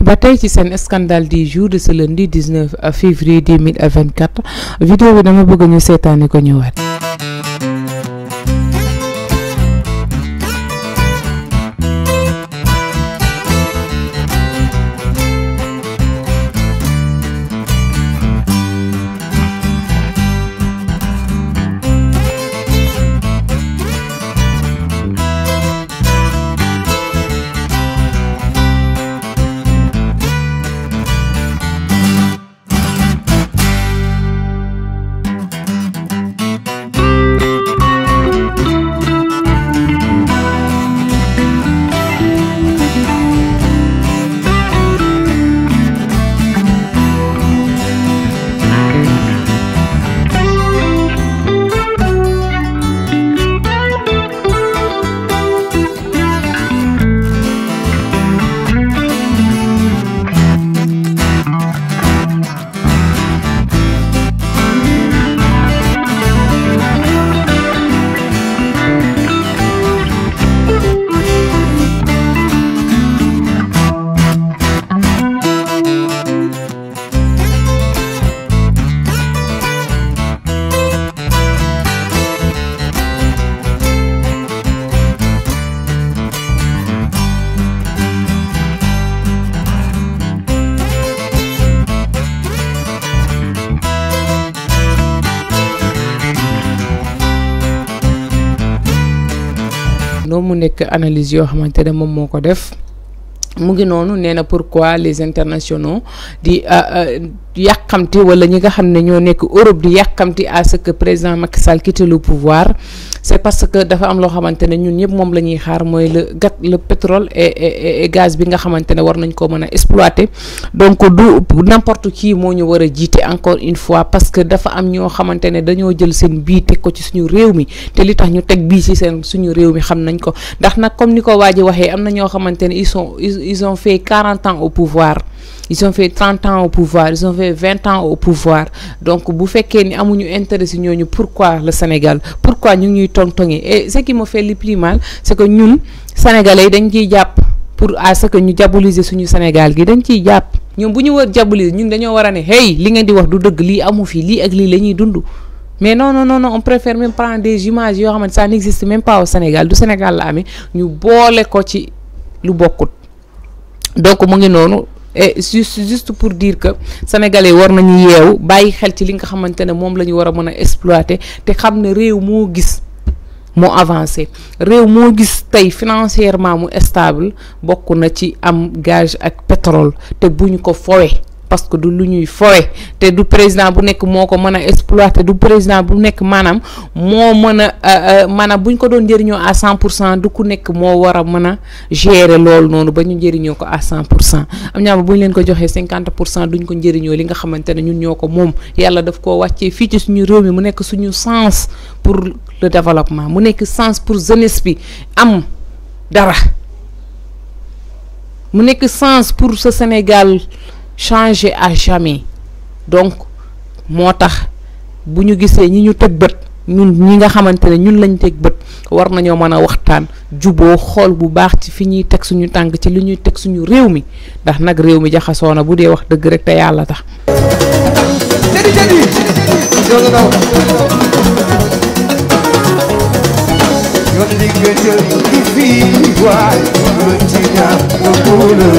ba tey ci seen scandale du jour de ce lundi 19 février 2024 vidéo bi dama bëgg ñu seetaani ko ñëwaat noonu mu nekk analyse yoo xamante ne moom moo ko def mu ngi noonu nee na pourquoi les internationaux di euh, euh, yàkkamti wala ñi nga xam ñoo nek Europe di yàkkamti à ce que président Macky Sall quitte le pouvoir c'est parce que dafa am lo xamantene ñun ñep mom lañuy xaar moy le gat le pétrole et et et gaz bi nga xamantene war nañ ko mëna exploiter donc du n'importe qui mo ñu wara jité encore une fois parce que dafa am ño xamantene dañoo jël seen bi teg ko ci suñu réew mi té li tax ñu teg bi ci seen suñu réew mi xam nañ ko ndax nak comme niko waji waxé am na ñoo xamante ils sont ils ont fait 40 ans au pouvoir ils ont fait 30 ans au pouvoir ils ont fait 20 ans au pouvoir donc bu ni intérêt pourquoi le Sénégal pourquoi nous nous et ce qui me fait le plus mal c'est que les sénégalais nous pour à ce que ñu Sénégal Nous dañ ciy nous avons nous ñu nous nous hey li ngeen di wax du Nous amu fi mais non non non on préfère même prendre des images ça n'existe même pas au Sénégal du Sénégal nous nous ñu Nous ko donc nous ngi et juste pour diir que sénégale war nañu yeewu bàyyi xel ci li nga xamante ne moom la ñu war a mën a exploiter te xam ne réew moo gis mu avancé réew moo gis tey financièrement mu stable bokk na ci am gaz ak pétrole te bu ñu ko foowee parce que du lu ñuy fowe te du président bu nekk moo ko mën a exploiter du président bu nekk maanaam moo mën a euh, euh, maanaam bu ñu ko doon njëriñoo à cent cent du ku nekk moo war a mën a gérer loolu noonu ba ñu njëriñoo ko à cent pour cent am ñaama bu ñu leen ko joxee cinquante pour cent duñ ko njëriñoo li nga xamante ne ñun ñoo ko moom yàlla daf koo wàccee fii ci suñu réew mi mu nekk suñu sens pour le développement mu nekk sens pour jeunesse bi am dara mu nekk sens pour ce Sénégal changé à jamais donc motax buñu bu ñi ñu tegg bët ñun ñi nga xamantene ñun lañ tegg bët war nañu mëna waxtaan juboo xol bu baax ci fi ñuy suñu tang ci li ñuy suñu réew mi ndax nag réew mi bu dee wax dëgg rek te yàlla tax